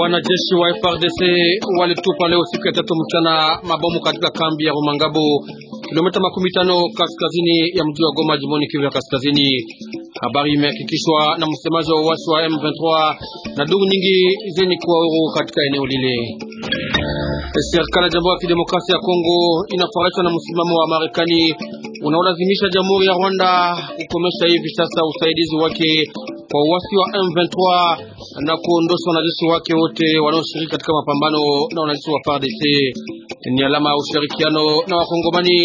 Wanajeshi wa frdc walitupa leo siku ya tatu mchana mabomu katika kambi ya Rumangabo kilomita makumi tano kaskazini ya mji wa Goma jimboni Kivu ya kaskazini. Habari imehakikishwa na msemaji wa uasi wa M23 na duru nyingi zeni kuwa huru katika eneo lile. Serikali ya Jamhuri ya Kidemokrasia ya Kongo inafarishwa na msimamo wa Marekani unaolazimisha Jamhuri ya Rwanda kukomesha hivi sasa usaidizi wake kwa uasi wa M23 na kuondosha wanajeshi wake wote wanaoshiriki katika mapambano na wanajeshi wa FARDC. Ni alama ya ushirikiano na wakongomani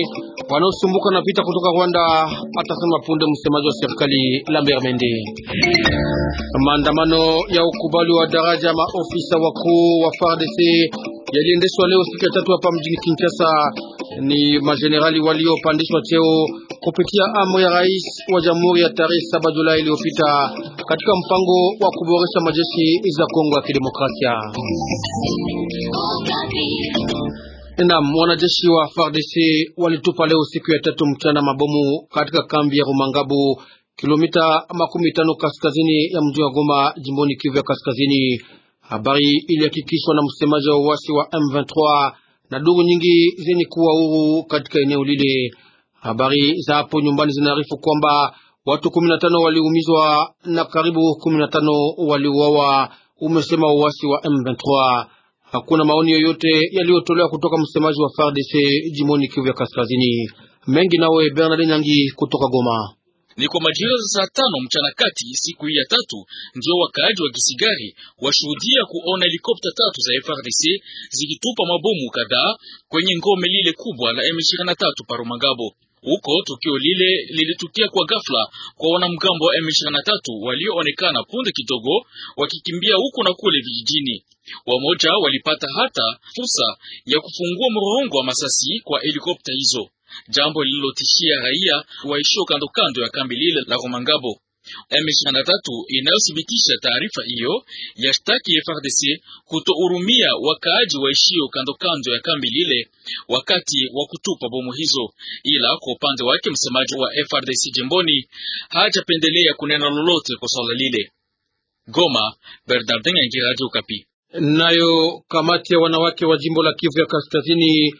wanaosumbuka na vita kutoka Rwanda, atasema punde msemaji wa serikali Lambert Mende. Maandamano ya ukubali wa daraja maofisa wakuu wa FARDC yaliendeshwa leo siku ya tatu hapa mjini Kinshasa. Ni majenerali waliopandishwa cheo kupitia amri ya rais wa jamhuri ya tarehe 7 Julai iliyopita katika mpango wa kuboresha majeshi za Kongo ya Kidemokrasia. Naam, wanajeshi wa FARDC walitupa leo siku ya tatu mchana mabomu katika kambi ya Rumangabu kilomita makumi tano kaskazini ya mji wa Goma jimboni Kivu ya kaskazini. Habari ilihakikishwa na msemaji wa uasi wa M23 na duru nyingi zenye kuwa huru katika eneo lile. Habari za hapo nyumbani zinaarifu kwamba watu 15 waliumizwa na karibu 15 waliuawa, umesema uasi wa M23. Hakuna maoni yoyote yaliyotolewa kutoka msemaji wa FARDC jimoni Kivu ya Kaskazini. Mengi nawe Bernard Nyangi kutoka Goma. Ni kwa majira za saa tano mchana kati siku hii ya tatu ndio wakaaji wa Kisigari washuhudia kuona helikopta tatu za FRDC zikitupa mabomu kadhaa kwenye ngome lile kubwa la M23 Parumagabo. Huko tukio lile lilitukia kwa ghafla kwa wanamgambo wa M23 walioonekana punde kidogo wakikimbia huko na kule vijijini. Wamoja walipata hata fursa ya kufungua mrongo wa masasi kwa helikopta hizo, jambo lililotishia raia waishio kando kando ya kambi lile la romangabo M23 inayothibitisha taarifa hiyo ya shtaki FRDC kutohurumia wakaaji waishio kando kando ya kambi lile wakati wa kutupa bomu hizo. Ila kwa upande wake msemaji wa FRDC jimboni hajapendelea kunena lolote kwa swala lile. Goma, Bernardin Ngira, Radio Okapi. Nayo kamati ya wanawake wa jimbo la Kivu ya Kaskazini,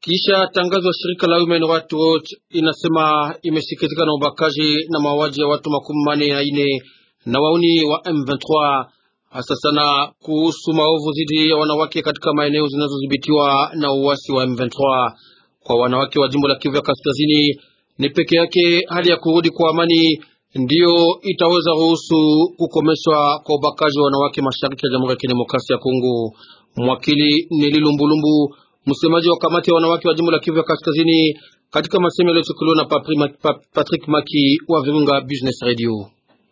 kisha tangazo ya shirika la Women Rights Watch inasema imesikitika na ubakaji na mauaji ya watu makumi manne na ine na wauni wa M23 hasa sana kuhusu maovu dhidi ya wanawake katika maeneo zinazodhibitiwa na uasi wa M23. Kwa wanawake wa jimbo la Kivu ya Kaskazini ni peke yake hali ya kurudi kwa amani ndiyo itaweza ruhusu kukomeshwa kwa ubakaji wa wanawake mashariki ya Jamhuri ya Kidemokrasia ya Kongo. Mwakili ni Lilumbulumbu, msemaji wa kamati ya wanawake wa jimbo la Kivu ya Kaskazini, katika masemo yaliyochukuliwa na Patrick Maki wa Virunga Business Radio.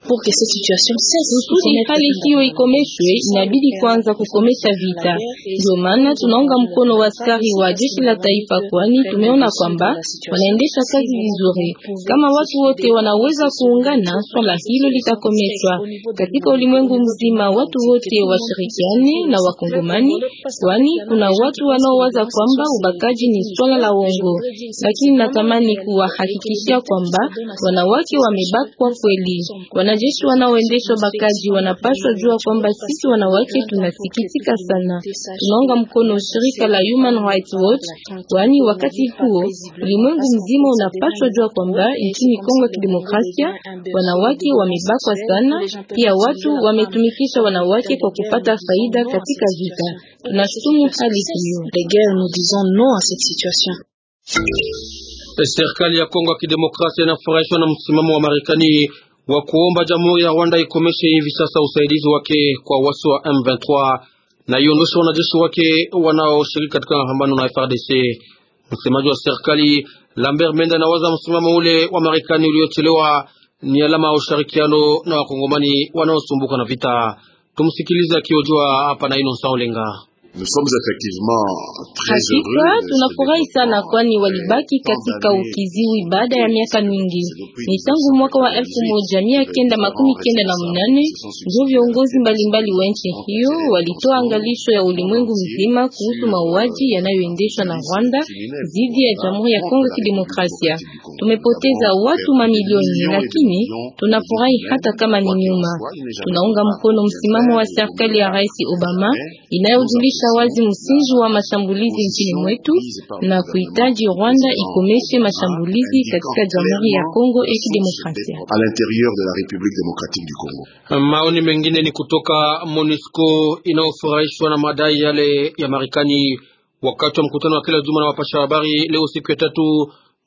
Pour que cette situation cesse, kusudi hali hiyo ikomeshwe, inabidi kwanza kukomesha vita. Ndio maana tunaunga mkono wa askari wa jeshi la taifa, kwani tumeona kwamba wanaendesha kazi vizuri. Kama watu wote wanaweza kuungana, swala hilo litakomeshwa katika ulimwengu mzima. Watu wote washirikiane na Wakongomani, kwani kuna watu wanaowaza kwamba ubakaji ni swala la uongo, lakini natamani kuwahakikishia kwamba wanawake wamebakwa kweli. Wana Wanajeshi wanaoendesha bakaji wanapaswa jua kwamba sisi wanawake tunasikitika sana. Tunaunga mkono shirika la Human Rights Watch, kwani wakati huo ulimwengu mzima unapaswa jua kwamba nchini Kongo ya Kidemokrasia wanawake wamebakwa sana, pia watu wametumikisha wanawake kwa kupata faida katika vita. Tunashutumu hali hiyo. Serikali ya Kongo ya Kidemokrasia inafurahishwa na msimamo wa Marekani wa kuomba jamhuri ya Rwanda ikomeshe hivi sasa usaidizi wake kwa wasi wa M23 na iondoshe wanajeshi wake wanaoshiriki katika mapambano na FARDC. Msemaji wa serikali Lambert Mende anawaza msimamo ule wa Marekani uliochelewa ni alama ya ushirikiano na wakongomani wanaosumbuka na vita. Tumsikilize akiojua hapa na Inosa Olenga. Hakika tunafurahi sana kwani walibaki katika ukiziwi baada ya miaka mingi. Ni tangu mwaka wa elfu moja mia kenda makumi kenda na mnane ndio viongozi mbalimbali wa nchi hiyo walitoa angalisho ya ulimwengu mzima kuhusu mauaji euh, yanayoendeshwa na Rwanda dhidi ya Jamhuri ya Kongo Kidemokrasia. Tumepoteza watu mamilioni, lakini tunafurahi hata kama ni nyuma. Tunaunga mkono msimamo wa serikali ya Rais Obama inayojulisha kukomesha wazi msingi wa mashambulizi nchini mwetu na kuhitaji Rwanda ikomeshe mashambulizi katika Jamhuri ya Kongo ya Kidemokrasia. Maoni mengine ni kutoka MONUSCO inayofurahishwa na madai yale ya Marekani. Wakati wa mkutano wa kila juma na wapasha habari leo siku ya tatu,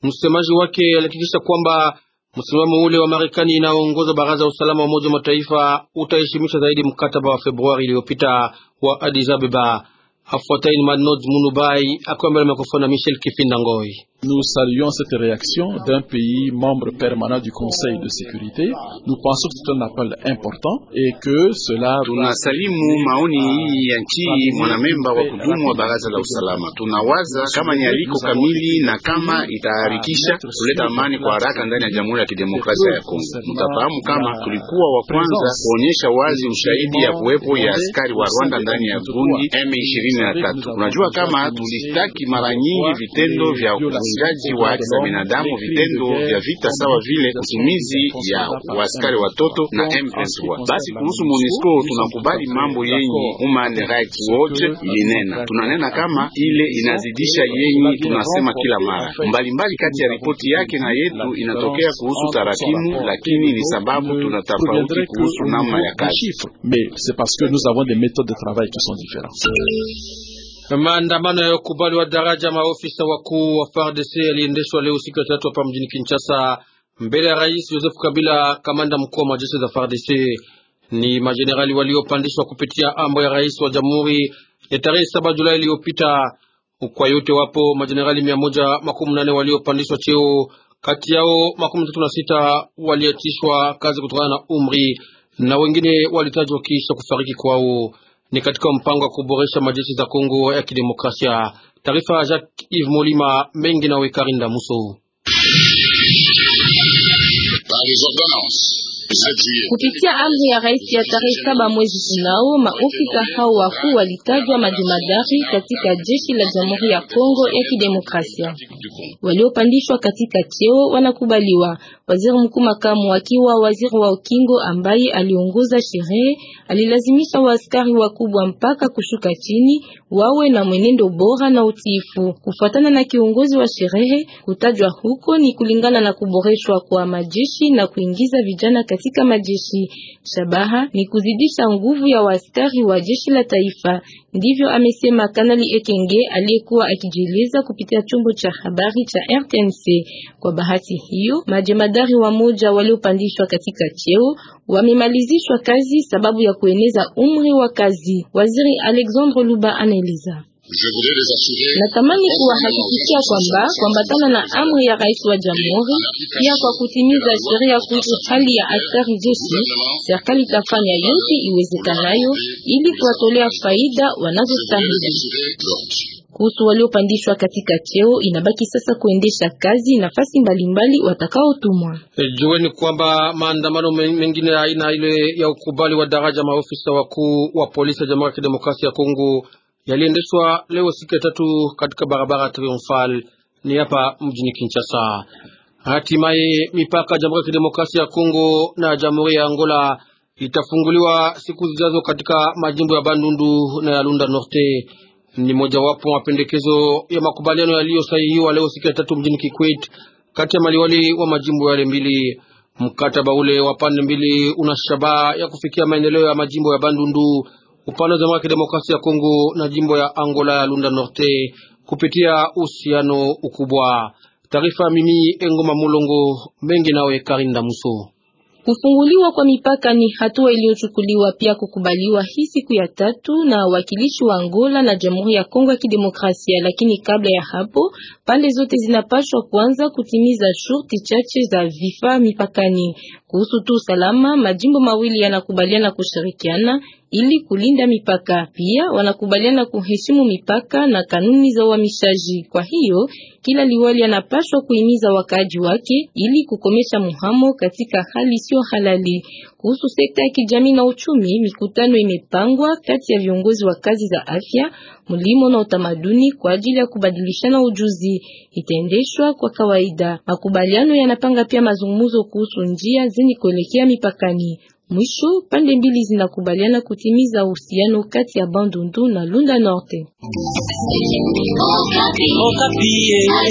msemaji wake alihakikisha kwamba msimamo ule wa Marekani inaongoza baraza la usalama wa Umoja wa Mataifa utaheshimisha zaidi mkataba wa Februari iliyopita wa Addis Ababa Afuatayi ni Manod Munubai akiwa mbele mikrofoni na Michel kifindangoi Nous saluons cette réaction d'un pays membre permanent du Conseil de sécurité. Nous pensons que c'est un appel important et que cela. Tunasalimu maoni hii ya nchi mwanamemba wa kudumu wa baraza la usalama. Tunawaza kama ni aliko kamili na kama itaharikisha kuleta amani kwa haraka ndani ya Jamhuri ya Kidemokrasia ya Kongo. Mtafahamu kama tulikuwa wa kwanza kuonyesha wazi ushahidi ya kuwepo ya askari wa Rwanda ndani ya Burundi M23 ishirini na tatu. Unajua kama tulistaki mara nyingi vitendo vya uvunjaji wa haki za binadamu, vitendo vya vita sawa vile utumizi ya waskari watoto na M23. Basi kuhusu MONUSCO tunakubali mambo yenye human rights watch ilinena, tunanena kama ile inazidisha yenye tunasema kila mara mbalimbali mbali. Kati ya ripoti yake na yetu inatokea kuhusu tarakimu, lakini ni sababu tunatafauti kuhusu namna ya kazi. Maandamano ya ukubali wa daraja maofisa wakuu wa FARDC yaliendeshwa leo siku ya tatu hapa mjini Kinshasa, mbele ya Rais Joseph Kabila, kamanda mkuu wa majeshi za FARDC. Ni majenerali waliopandishwa kupitia amri ya rais wa jamhuri ya tarehe saba Julai iliyopita. Kwa yote wapo majenerali mia moja makumi nane waliopandishwa cheo, kati yao makumi tatu na sita waliachishwa kazi kutokana na umri na wengine walitajwa kisha kufariki kwao ni katika mpango wa kuboresha majeshi za Kongo ya Kidemokrasia. Taarifa ya Jacques Yves Molima mengi na Wekarinda Muso. Eh, Kupitia amri ya rais ya tarehe saba mwezi tunao, maofisa hao wakuu walitajwa majumadari katika jeshi la Jamhuri ya Kongo ya Kidemokrasia. Waliopandishwa katika cheo wanakubaliwa. Waziri mkuu makamu akiwa waziri wa ukingo ambaye aliongoza sherehe alilazimisha waaskari wakubwa mpaka kushuka chini wawe na mwenendo bora na utiifu. Kufuatana na kiongozi wa sherehe, kutajwa huko ni kulingana na kuboreshwa kwa majeshi na kuingiza vijana katika majeshi. Shabaha ni kuzidisha nguvu ya waskari wa jeshi la taifa, ndivyo amesema Kanali Ekenge aliyekuwa akijieleza kupitia chombo cha habari cha RTNC. Kwa bahati hiyo, majemadari wa moja waliopandishwa katika cheo wamemalizishwa kazi sababu ya kueneza umri wa kazi. Waziri Alexandre Luba anaeleza Natamani kuwahakikishia kwamba kuambatana na amri ya rais wa jamhuri, pia kwa kutimiza sheria kuhusu hali ya askari jeshi, serikali itafanya yote iwezekanayo ili kuwatolea faida wanazostahili. Kuhusu waliopandishwa katika cheo, inabaki sasa kuendesha kazi nafasi mbalimbali watakaotumwa. Eh, jueni kwamba maandamano mengine ya aina ile ya ukubali wa daraja maofisa wakuu wa polisi ya Jamhuri ya Kidemokrasia ya Kongo yaliendeshwa leo siku ya tatu katika barabara Triumphal ni hapa mjini Kinshasa. Hatimaye mipaka ya Jamhuri ya Kidemokrasia ya Kongo na Jamhuri ya Angola itafunguliwa siku zijazo katika majimbo ya Bandundu na ya Lunda Norte. Ni mojawapo mapendekezo ya makubaliano yaliyosahihiwa leo siku ya tatu mjini Kikwit kati ya maliwali wa majimbo yale mbili. Mkataba ule wa pande mbili una shabaha ya kufikia maendeleo ya majimbo ya Bandundu upande wa Jamhuri ya Kidemokrasia ya Kongo na jimbo ya Angola ya Lunda Norte kupitia uhusiano ukubwa. Taarifa mimi Engoma Mulongo mengi nawe Karinda Muso. Kufunguliwa kwa mipaka ni hatua iliyochukuliwa pia kukubaliwa hii siku ya tatu na wakilishi wa Angola na Jamhuri ya Kongo ya Kidemokrasia, lakini kabla ya hapo pande zote zinapaswa kuanza kutimiza shurti chache za vifaa mipakani. Kuhusu tu usalama, majimbo mawili yanakubaliana kushirikiana ili kulinda mipaka. Pia wanakubaliana kuheshimu mipaka na kanuni za uhamishaji. Kwa hiyo kila liwali anapaswa kuhimiza wakaaji wake ili kukomesha muhamo katika hali sio halali. Kuhusu sekta ya kijamii na uchumi, mikutano imepangwa kati ya viongozi wa kazi za afya, mlimo na utamaduni kwa ajili ya kubadilishana ujuzi. Itaendeshwa kwa kawaida. Makubaliano yanapanga pia mazungumzo kuhusu njia zenye kuelekea mipakani. Mwisho, pande mbili zinakubaliana kutimiza uhusiano kati ya Bandundu na Lunda Norte. Okapi.